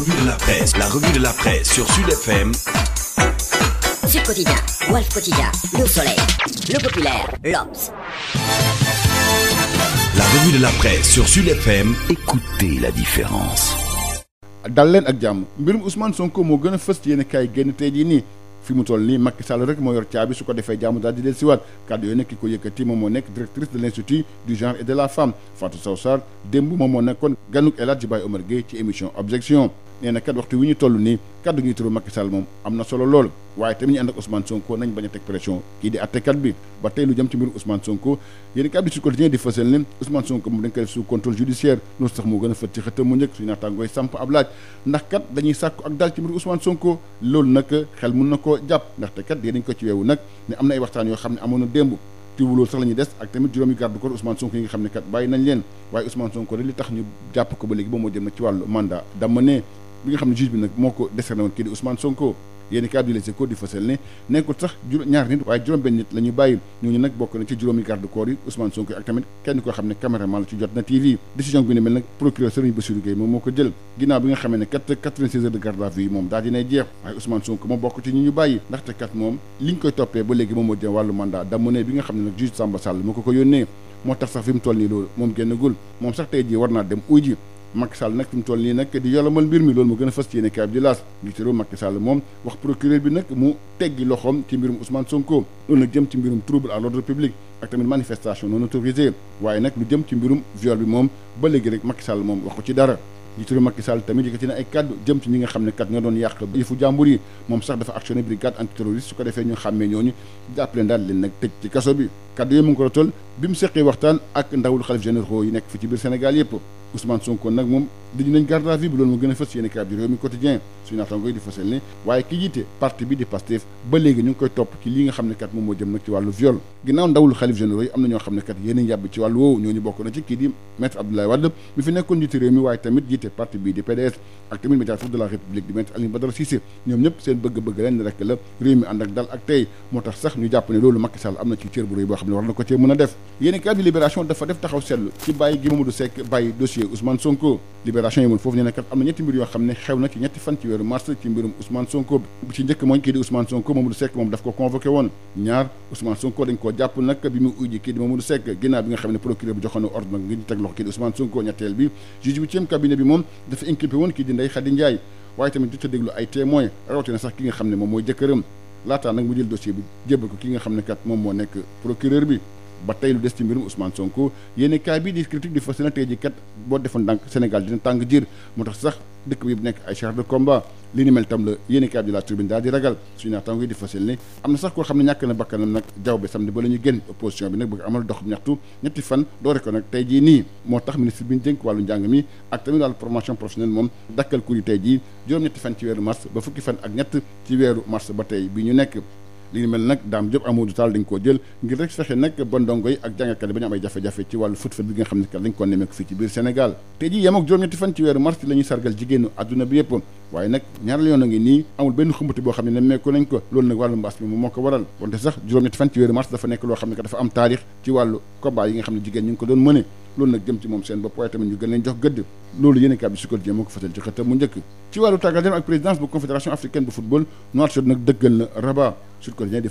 revue de la presse, la revue de la presse sur Sud FM. de la presse sur Sud FM, écoutez la différence. dal leen ak jàmm mbirum Ousmane Sonko moo gën a fës ci yéen kaay génn tey jii nii fi mu toll nii Macky Sall rek moo yor caabi su ko defee jàmm daal di leen siwaat kàddu yooyu nag ki ko yëkkati moom moo nekk directrice de l' du genre et de la femme Fatou Sow Sarr démb moom moo nekkoon ganuk El Hadji Baye ci émission objection nee na kat waxtu wi ñu toll nii kaddu njiitu réew Macky Sall moom am na solo lool waaye tamit ñu ànd ak Ousmane Sonko nañ bañ pression kii di àttekat bi ba tey lu jëm ci mbiru Ousmane Sonko yéen kat bi su quotidien di fësal ne Ousmane Sonko moom dañ ko def sous contrôle judiciaire loolu sax moo gën a fët ci xëtam mu njëkk suñu naataangooy samp ab laaj ndax kat ci mbiru Ousmane Sonko loolu nag xel mun na koo jàpp ndaxte kat ko ci weewu nag ne am na ay waxtaan yoo xam ne amoon na démb tiwulool sax la ñuy des ak tamit juróomi garde corps Ousmane Sonko yi nga xam ne kat bàyyi nañ bi nga xam ne juge bi nag moo ko décerné woon kii di Ousmane Sonko yéeni kàddu yi Les di fësal ne nekkul sax ñaar nit waaye juróom benn nit la ñu bàyyi ñooñu nag bokk na ci juróomi garde corps yi Ousmane Sonko ak tamit kenn koo xam ne caméraman la ci jot na TV décision bi ne mel nag procureur Serigne Bassirou Gueye moom moo ko jël ginnaaw bi nga xamee ne kat kat moom li koy toppee ba léegi moom moo jëm wàllu mandat d'amener bi nga xam ne nag juge Samba ko ko yónnee moo tax sax fi mu toll nii loolu moom génnagul moom sax tey jii war naa dem uy ji Macky Sall nag fi mu toll nii nag di yolomal mbir mi loolu mu gën a fas ci yéene kaay bi di laas njiitu réew Macky Sall moom wax procureur bi nag mu teggi loxoom ci mbirum Ousmane Sonko loolu nag jëm ci mbirum trouble à l'ordre public ak tamit manifestation non autorisée waaye nag lu jëm ci mbirum viol bi moom ba léegi rek Macky Sall moom wax ko ci dara njiitu réew Macky Sall tamit yëkkati na ay kàddu jëm ci ñi nga xam ne kat nga doon yàq yëfu jàmbur yi moom sax dafa actionné brigade su ko defee ñu xàmmee ñooñu jàppale daal leen nag tëj ci kaso bi kàddu yooyu mu ngi ko rotal bi mu seqee waxtaan ak ndawul xalif généraux yi nekk fi ci biir Sénégal yëpp Ousmane Sonko nag moom dañu nañ garde à bi loolu mu gën a fës yéeni kaab di réew mi quotidien suñu naataango yi di fësal ne waaye ki jiite parti bi di Pastef ba léegi ñu ngi koy topp ci li nga xam ne kat moom moo jëm nag ci wàllu viol ginnaaw ndawul xalif généraux yi am na ñoo xam ne kat yéen a yàbb ci wàllu woowu ñooñu ñu jàpp na ci cër ne war na ko cee mën a def yéen i kat bi libération dafa def taxaw seetlu ci bàyyi gi Mamadou Seck bàyyi dossier Ousmane Sonko libération yemul foofu nee na kat am na ñetti mbir yoo xam ne xew na ci ñetti fan ci weeru mars ci mbirum Ousmane Sonko bi ci njëkk mooy kii di Ousmane Sonko ginnaaw bi nga xam ne procureur bi joxoon na ordre nag teg loxo kii di Ousmane Sonko ñetteel bi juge bu huitième cabinet bi moom dafa inculpé woon kii di Ndeye Khady Ndiaye waaye ne moom mooy jëkkëram laataa nag mu jël dossier bi jébbal ko ki nga xam ne kat moom moo nekk procureur bi ba tey lu des ci mbirum Ousmane Sonko yéen kaay bii di critique di fas na tey ji boo defoon ndànk Sénégal dina tànk jir moo tax sax dëkk bi nekk ay char de combat li tam la yéen i de la tribune di ragal suñu naataango yi di fasal ne am na sax koo xam ne ñàkk na bakkanam nag jaww bi samedi ba la ñu génn opposition bi nag bëgg amal dox ñaxtu ñetti fan doore ko nag tey jii nii moo tax ministre bi ñu dénk wàllu njàng mi ak tamit wàllu formation professionnelle moom dakkal ku tey jii juróom-ñetti fan ci weeru mars ba fukki fan ak ñett ci weeru mars ba tey bi ñu nekk li mel nag daam Diop Amadou Tall dañ koo jël ngir rek fexe nag ba ndongo yi ak jàngkat yi ba ñu am ay jafe-jafe ci wàllu fët fët bi nga xam ne ko nemmeeku sargal jigéenu adduna bi yëpp waaye nag ñaareel yoon a ngi nii amul benn xumbati boo xam ne nemmeeku nañ ko loolu nag wàllu mbaas mi moom moo ko waral wante sax juróom-ñetti fan ci weeru mars dafa nekk loo xam ne dafa am taarix ci wàllu combat yi nga xam ne jigéen ñu ngi ko doon mëne loolu nag jëm ci moom seen bopp waaye tamit ñu gën leen jox gëdd loolu yéen bi sukkal jéem a ko fasal ci xëtam mu njëkk ci wàllu tàggat yaram ak présidence bu confédération africaine bu football Nouakchott nag dëggal na Rabat Sud Quotidien di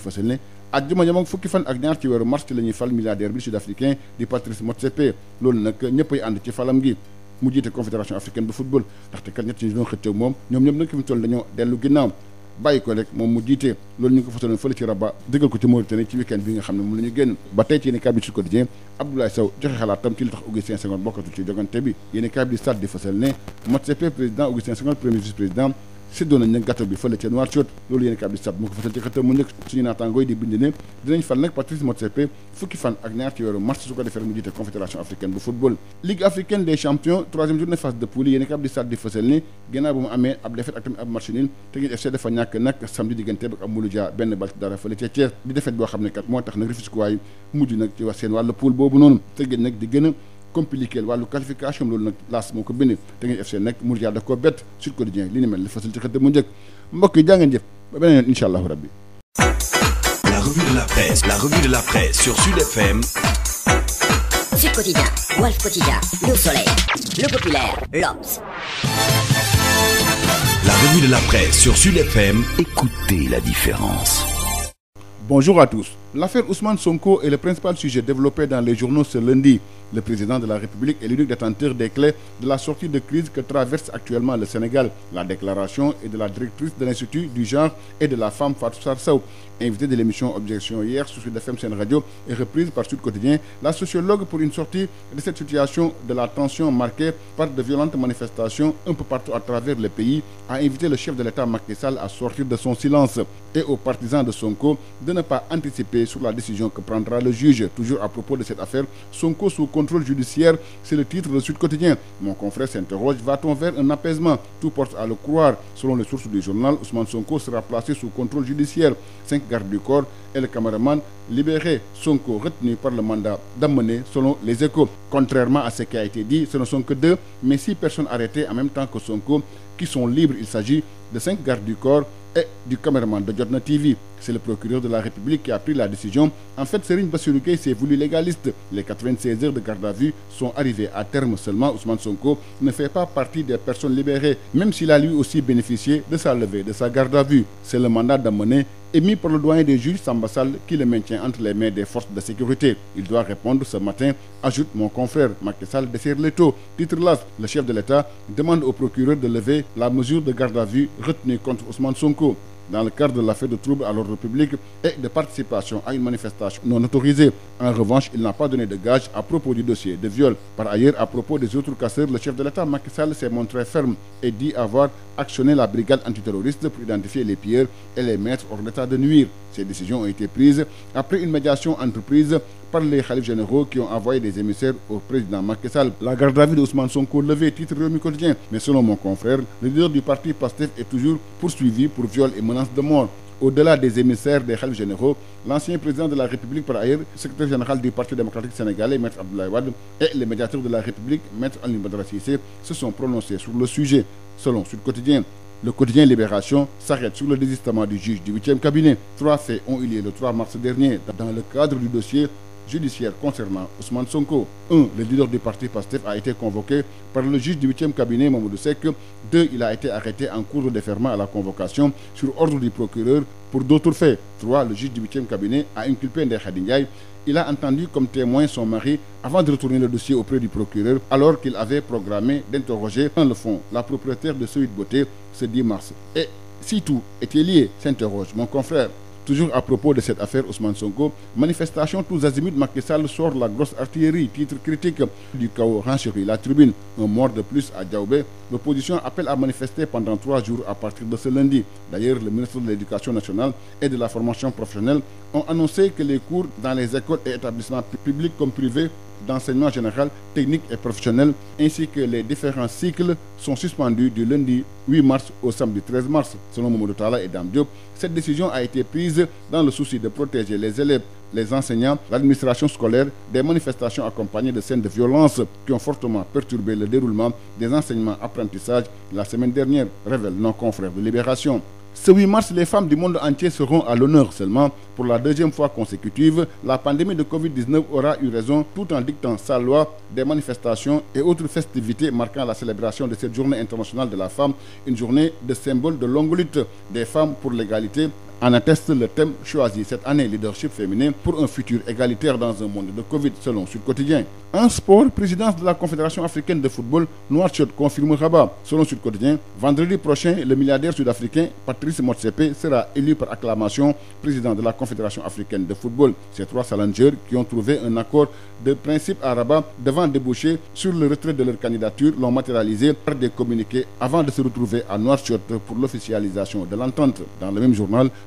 ànd ci falam gi mu jiite confédération africaine bu football ndaxte kat ñett ñi doon xëccoo moom ñoom ñëpp nag fi mu toll dañoo dellu ginnaaw bàyyi ko rek moom mu jiite loolu ñu ngi ko fasaloon fële ci Rabat dëggal ko ci Mauritanie ci week-end nga xam ne moom la ñu génn ba tey ci yéeni kabi Sud Quotidien Abdoulaye Sow joxe xalaatam ci li tax Augustin Senghor ci jogante bi yéeni kabi di stade di ne match CP président Augustin premier vice président séddoo nañ nag gâteau bi fële ca Nouakchott loolu yéen kaab di sab moo ko fasal ci xëtam mu njëkk naataangooy di bind ne dinañ fal nag Patrice Motsepe fukki fan ak ñaar ci weeru mars su ko defee mu jiite confédération africaine bu football ligue africaine des champions troisième journée phase de poule yéen kaab di sat di fësal ni gannaaw bu mu amee ab défaite ak tamit ab match nul Teungueth FC dafa ñàkk nag samedi diggante ak ab Mouloudia benn bal ci dara fële ca compliqué wàllu qualification loolu nag laas moo ko bind te ngeen la yi jàngeen jëf ba la revue de la presse la revue de la presse sur Sud écoutez la différence bonjour à tous l'affaire Ousmane Sonko est le principal sujet développé dans les journaux ce lundi Le président de la République est l'unique détenteur des clés de la sortie de crise que traverse actuellement le Sénégal. La déclaration est de la directrice de l'Institut du genre et de la femme Fatou Sarsaou. de l'émission Objection hier sur Sud FM Sen Radio et reprise par Sud Quotidien, la sociologue pour une sortie de cette situation de la tension marquée par de violentes manifestations un peu partout à travers le pays a invité le chef de contrôle judiciaire, c'est le titre de Sud Quotidien. Mon confrère s'interroge, va-t-on vers un apaisement Tout porte à le croire. Selon les sources du journal, Ousmane Sonko sera placé sous contrôle judiciaire. Cinq gardes du corps et le caméraman libéré Sonko retenu par le mandat d'amener selon les échos. Contrairement à ce qui a été dit, ce ne sont que deux, mais six personnes arrêtées en même temps que Sonko qui sont libres. Il s'agit de cinq gardes du corps et du caméraman de Jotna TV. C'est le procureur de la République qui a pris la décision. En fait, Serine Bassirou s'est voulu légaliste. Les heures de garde à vue sont arrivées à terme seulement. Ousmane Sonko ne fait pas partie s'il a lui aussi bénéficié de sa levée, de émis par le doyen des juges Samba Sall qui le maintient entre les mains des forces de sécurité. Il doit répondre ce matin, ajoute mon confrère Macky Sall desserre l'étau. Titre LAS, le chef de l'État demande au procureur de lever la mesure de garde à vue retenue contre Ousmane Sonko. dans le cadre de l'affaire de trouble à l'ordre public et de participation à une manifestation non autorisée. En revanche, il n'a pas donné de gage à propos du dossier de viol. Par ailleurs, à propos des autres casseurs, le chef de l'État, Macky s'est montré ferme et dit avoir actionné la brigade antiterroriste pour identifier les pilleurs et les mettre hors de nuire. Ces décisions ont été prises après une médiation entreprise par les khalifs généraux menace Au-delà des émissaires des khalifes généraux, l'ancien président de la République, par ailleurs, secrétaire général du Parti démocratique sénégalais, Maître Abdoulaye Wade, et le médiateur de la République, Maître Ali Badara se sont prononcés sur le sujet. Selon Sud le quotidien Libération s'arrête sur le désistement du juge du 8e cabinet. Trois faits ont eu le mars dernier dans le cadre du dossier judiciaire concernant Ousmane Sonko. 1. Le leader du parti PASTEF a été convoqué par le juge du 8e cabinet Mamoudou Seck. 2. Il a été arrêté en cours de déferment à la convocation sur ordre du procureur pour d'autres faits. 3. Le juge du 8e cabinet a inculpé Ndeye Khadindiaï il a entendu comme témoin son mari avant de retourner le dossier auprès du procureur alors qu'il avait programmé d'interroger dans le fond la propriétaire de Sweet Beauté ce 10 mars. Et si tout Toujours à propos de cette affaire Ousmane Sonko, manifestation tous azimuts, Macky sort la grosse artillerie, titre critique du chaos renchérit la tribune, un mort de plus à Diaobé. L'opposition appelle à manifester pendant trois jours à partir de ce lundi. D'ailleurs, le ministre de l'Éducation nationale et de la formation professionnelle ont annoncé que les cours dans les écoles et établissements publics comme privés d'enseignement général, technique et professionnel, ainsi que les différents cycles sont suspendus du lundi mars au samedi 13 mars, selon Momodou Tala et Dame Diop. Cette décision a été prise dans le souci de protéger les élèves, les enseignants, l'administration scolaire des manifestations accompagnées de scènes de violence qui ont fortement perturbé le déroulement des enseignements apprentissage la semaine dernière, révèlent nos confrères de Libération. Ce 8 mars, les femmes du monde entier seront à l'honneur seulement. Pour la deuxième fois consécutive, la pandémie de Covid-19 aura eu raison tout en dictant sa loi des manifestations et autres festivités marquant la célébration de cette journée internationale de En atteste le thème choisi cette année, leadership féminin pour un futur égalitaire dans un monde de Covid, selon Sud Quotidien. En sport, présidence de la Confédération africaine de football, Noirchot confirme Rabat. Selon Sud Quotidien, vendredi prochain, le milliardaire sud-africain Patrice Motsepe sera élu par acclamation président de la Confédération africaine de football. Ces trois challengers qui ont trouvé un accord de principe à Rabat devant déboucher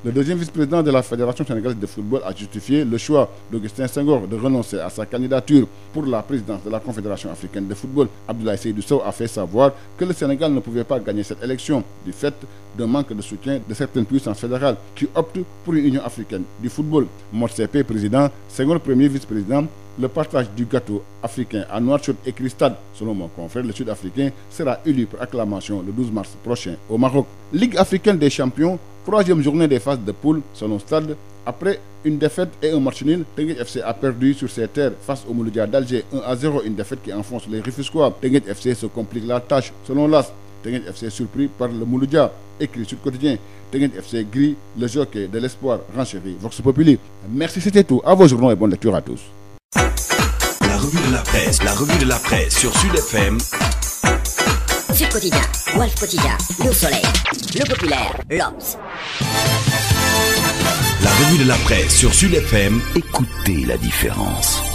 Le deuxième vice-président de la Fédération sénégalaise de football a justifié le choix d'Augustin Senghor de renoncer à sa candidature pour la présidence de la Confédération africaine de football. Abdoulaye Seydou Sow a fait savoir que le Sénégal ne pouvait pas gagner cette élection du fait d'un manque de soutien de certaines puissances fédérales qui optent pour une union africaine du football. Mor Sépé, président, Senghor premier vice-président le partage du gâteau africain à Nouakchott et Cristal, selon mon confrère, le Sud-Africain sera élu par acclamation le 12 mars prochain au Maroc. Ligue africaine des champions, troisième journée des phases de poule, selon Stade, après une défaite et un match nul, Tenguet a perdu sur ses terres face au Mouloudia d'Alger 1 à 0, une défaite qui enfonce les Rifusquois. Tenguet se complique la tâche, selon l'AS. Tenguet surpris par le Mouloudia, écrit sur quotidien. Tenguet gris, le revue la revue de la presse sur Sud FM. Sud Quotidien, Wolf Quotidien, Le Soleil, Le Populaire, L'Obs. La revue de la presse sur Sud FM, écoutez la différence.